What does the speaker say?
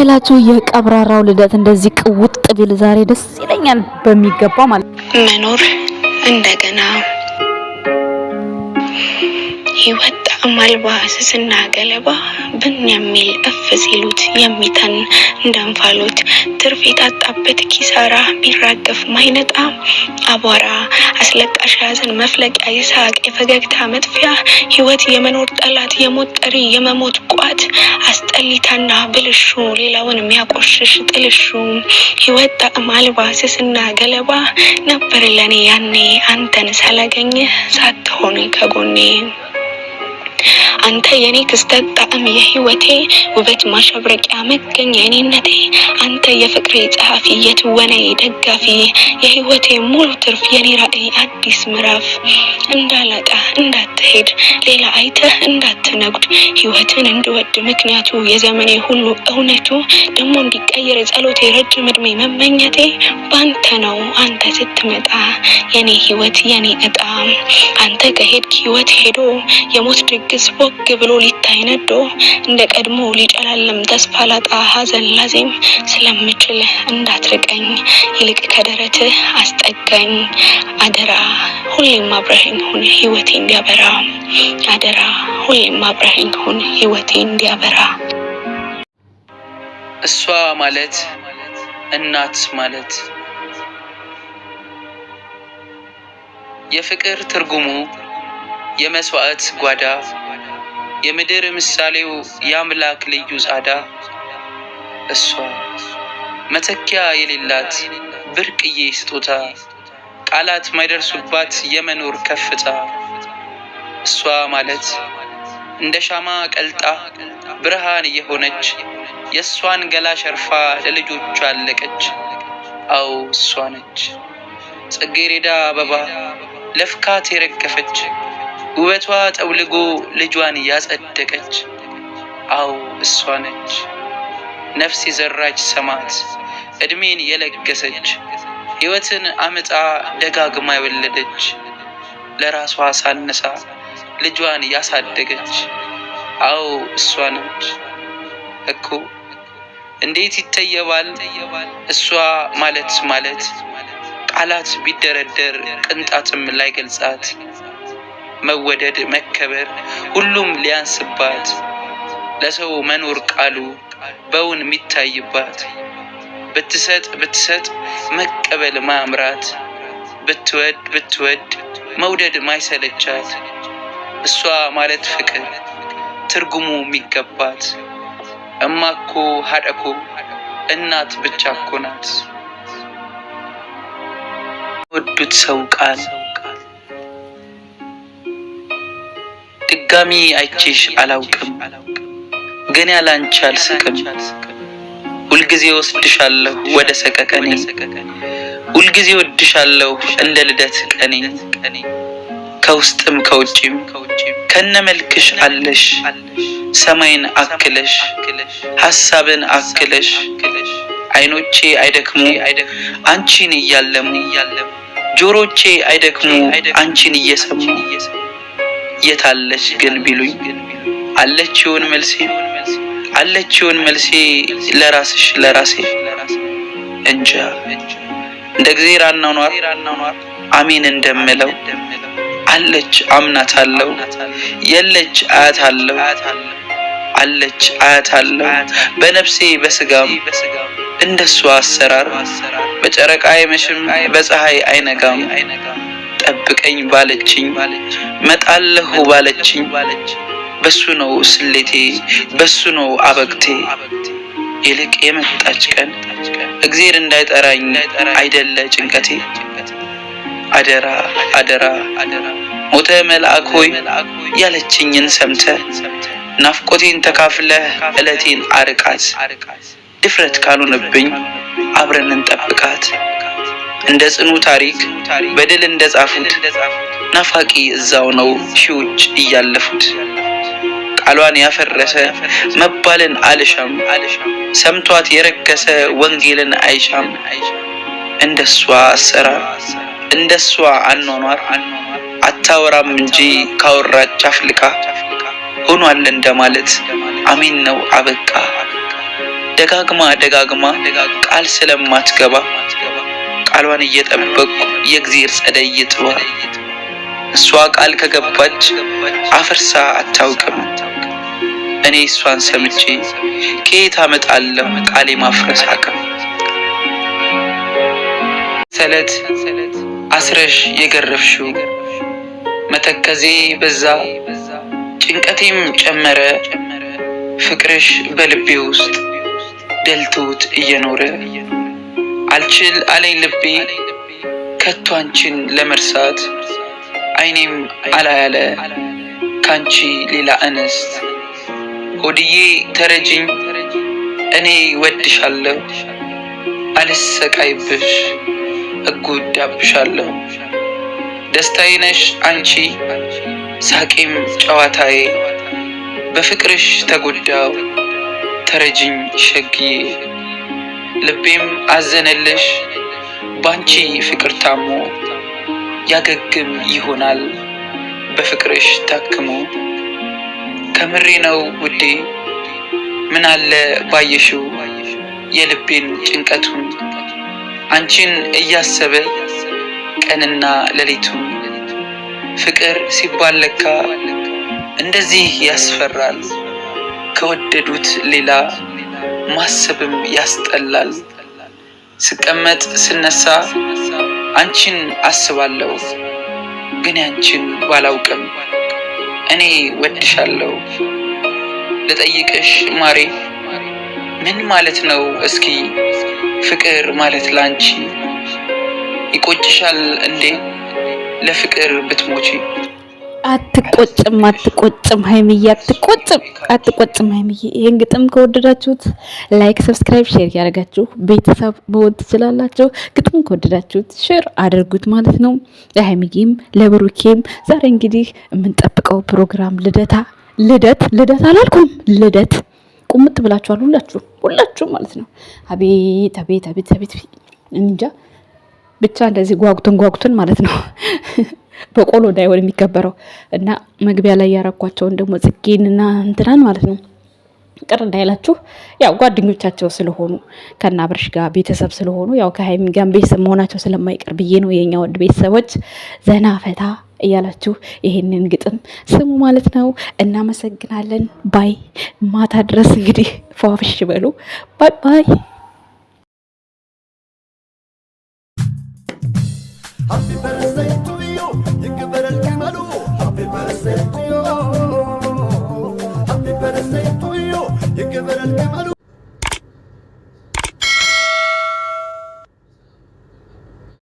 ስታይላችሁ የቀብራራው ልደት እንደዚህ ቅውጥ ቢል ዛሬ ደስ ይለኛል በሚገባ ማለት መኖር እንደገና ህይወት አማልባ ስስና ገለባ ብን የሚል እፍ ሲሉት የሚተን እንደንፋሎት ትርፍ የታጣበት ኪሳራ ቢራገፍ ማይነጣ አቧራ አስለቃሽ ያዘን መፍለቂያ የሳቅ የፈገግታ መጥፊያ ህይወት የመኖር ጠላት የሞት ጠሪ የመሞት ቋት አስጠሊታና ብልሹ ሌላውን የሚያቆሽሽ ጥልሹ ህይወት ጣዕም አልባ ስስና ገለባ ነበር ለኔ ያኔ አንተን ሳላገኘ ሳትሆን ከጎኔ Yeah. አንተ የኔ ክስተት ጣዕም፣ የህይወቴ ውበት ማሸብረቂያ፣ መገኛ የኔነቴ አንተ የፍቅሬ ጸሐፊ፣ የትወናዬ ደጋፊ፣ የህይወቴ ሙሉ ትርፍ፣ የኔ ራዕይ አዲስ ምዕራፍ እንዳላጣ እንዳትሄድ ሌላ አይተህ እንዳትነጉድ ህይወትን እንድወድ ምክንያቱ የዘመኔ ሁሉ እውነቱ ደግሞ እንዲቀየር ጸሎቴ ረጅም እድሜ መመኘቴ ባንተ ነው። አንተ ስትመጣ የኔ ህይወት የኔ እጣ አንተ ከሄድክ ህይወት ሄዶ የሞት ድግስ ፈገግ ብሎ ሊታይ ነዶ እንደ ቀድሞ ሊጨላለም ተስፋ ላጣ ሀዘን ላዜም ስለምችል እንዳትርቀኝ ይልቅ ከደረት አስጠጋኝ አደራ ሁሌም አብረኸኝ ሁን ህይወቴ እንዲያበራ አደራ ሁሌም አብረኸኝ ሁን ህይወቴ እንዲያበራ። እሷ ማለት እናት ማለት የፍቅር ትርጉሙ የመስዋዕት ጓዳ የምድር ምሳሌው የአምላክ ልዩ ጻዳ እሷ መተኪያ የሌላት ብርቅዬ ስጦታ ቃላት ማይደርሱባት የመኖር ከፍታ እሷ ማለት እንደ ሻማ ቀልጣ ብርሃን የሆነች የእሷን ገላ ሸርፋ ለልጆቿ አለቀች። አው እሷ ነች ጽጌሬዳ አበባ ለፍካት የረገፈች ውበቷ ጠውልጎ ልጇን ያጸደቀች አው እሷ ነች ነፍስ የዘራች ሰማት፣ እድሜን የለገሰች ሕይወትን አምጣ ደጋግማ የወለደች ለራሷ ሳነሳ ልጇን ያሳደገች አው እሷ ነች እኮ እንዴት ይተየባል እሷ ማለት ማለት ቃላት ቢደረደር ቅንጣትም ላይ ገልጻት መወደድ፣ መከበር ሁሉም ሊያንስባት ለሰው መኖር ቃሉ በውን የሚታይባት ብትሰጥ ብትሰጥ መቀበል ማምራት ብትወድ ብትወድ መውደድ ማይሰለቻት እሷ ማለት ፍቅር ትርጉሙ የሚገባት እማኮ ሀደኮ እናት ብቻ ኮናት ወዱት ሰው ቃል ድጋሚ አይቼሽ አላውቅም፣ ግን ያላንቺ አልስቅም። ሁልጊዜ ወስድሻለሁ ወደ ሰቀቀኔ፣ ሁልጊዜ ወድሻለሁ እንደ ልደት ቀኔ። ከውስጥም ከውጭም ከነ መልክሽ አለሽ ሰማይን አክለሽ ሀሳብን አክለሽ አይኖቼ አይደክሙ አንቺን እያለሙ ጆሮቼ አይደክሙ አንቺን እየሰሙ የታለች ግን ቢሉኝ አለችውን መልሴ አለችውን መልሴ ለራስሽ ለራሴ እንጃ እንደ እግዜር አናኗር አሜን እንደምለው አለች አምናት አለው የለች አያት አለው አለች አያት አለው በነፍሴ በስጋም እንደሱ አሰራር በጨረቃ አይመሽም በፀሐይ አይነጋም ጠብቀኝ ባለችኝ መጣለሁ ባለችኝ በሱ ነው ስሌቴ በሱ ነው አበግቴ። ይልቅ የመጣች ቀን እግዜር እንዳይጠራኝ አይደለ ጭንቀቴ። አደራ አደራ ሞተ መልአክ ሆይ ያለችኝን ሰምተ ናፍቆቴን ተካፍለህ እለቴን አርቃት። ድፍረት ካልሆነብኝ አብረን እንጠብቃት። እንደ ጽኑ ታሪክ በድል ጻፉት ናፋቂ እዛው ነው ሺዎች እያለፉት። ቃሏን ያፈረሰ መባልን አልሻም ሰምቷት የረከሰ ወንጌልን አይሻም። እንደሷ አሰራር እንደሷ አኗኗር አታወራም እንጂ ካወራች አፍልቃ ሆኗል እንደማለት አሜን ነው አበቃ። ደጋግማ ደጋግማ ቃል ስለማትገባ ቃሏን እየጠበቁ የእግዚአብሔር ጸደይ ይጥሏል። እሷ ቃል ከገባች አፍርሳ አታውቅም። እኔ እሷን ሰምቼ ከየት አመጣለሁ ቃሌ ማፍረስ አቅም ሰለት አስረሽ የገረፍሽው መተከዜ በዛ ጭንቀቴም ጨመረ ፍቅርሽ በልቤ ውስጥ ደልቶት እየኖረ አልችል አለኝ ልቤ ከቶ አንቺን ለመርሳት አይኔም አላያለ ካንቺ ሌላ እንስት ሆድዬ ተረጅኝ እኔ ወድሻለሁ አልሰቃይብሽ እጉዳብሻለሁ ደስታዬ ነሽ አንቺ ሳቄም ጨዋታዬ በፍቅርሽ ተጎዳው ተረጅኝ ሸግዬ ልቤም አዘነልሽ ባንቺ ፍቅር ታሞ ያገግም ይሆናል በፍቅርሽ ታክሞ። ከምሬ ነው ውዴ ምን አለ ባየሽው የልቤን ጭንቀቱን አንቺን እያሰበ ቀንና ሌሊቱን። ፍቅር ሲባል ለካ እንደዚህ ያስፈራል ከወደዱት ሌላ ማሰብም ያስጠላል። ስቀመጥ ስነሳ አንቺን አስባለሁ፣ ግን ያንቺን ባላውቅም እኔ ወድሻለሁ። ለጠይቅሽ ማሬ ምን ማለት ነው እስኪ ፍቅር ማለት ላንቺ? ይቆጭሻል እንዴ ለፍቅር ብትሞቼ አትቆጭም አትቆጭም ሀይምዬ አትቆጭም አትቆጭም ሀይምዬ። ይህን ግጥም ከወደዳችሁት ላይክ፣ ሰብስክራይብ፣ ሼር እያደረጋችሁ ቤተሰብ መሆን ትችላላችሁ። ግጥም ከወደዳችሁት ሼር አድርጉት ማለት ነው ለሀይምዬም ለብሩኬም። ዛሬ እንግዲህ የምንጠብቀው ፕሮግራም ልደታ ልደት ልደት አላልኩም ልደት ቁምጥ ብላችኋል ሁላችሁ ሁላችሁ ማለት ነው። አቤት አቤት አቤት አቤት እንጃ ብቻ እንደዚህ ጓጉትን ጓጉትን ማለት ነው በቆሎ እንዳይሆን የሚከበረው እና መግቢያ ላይ ያረኳቸውን ደግሞ ጽጌንና እንትናን ማለት ነው ቅር እንዳይላችሁ ያው ጓደኞቻቸው ስለሆኑ ከና ብርሽ ጋር ቤተሰብ ስለሆኑ ያው ከሀይሚ ጋር ቤተሰብ መሆናቸው ስለማይቀር ብዬ ነው። የኛ ወድ ቤተሰቦች ዘና ፈታ እያላችሁ ይሄንን ግጥም ስሙ ማለት ነው። እናመሰግናለን። ባይ ማታ ድረስ እንግዲህ ፏፍሽ በሉ። ባይ ባይ። Happy birthday y que ver el primero, a mí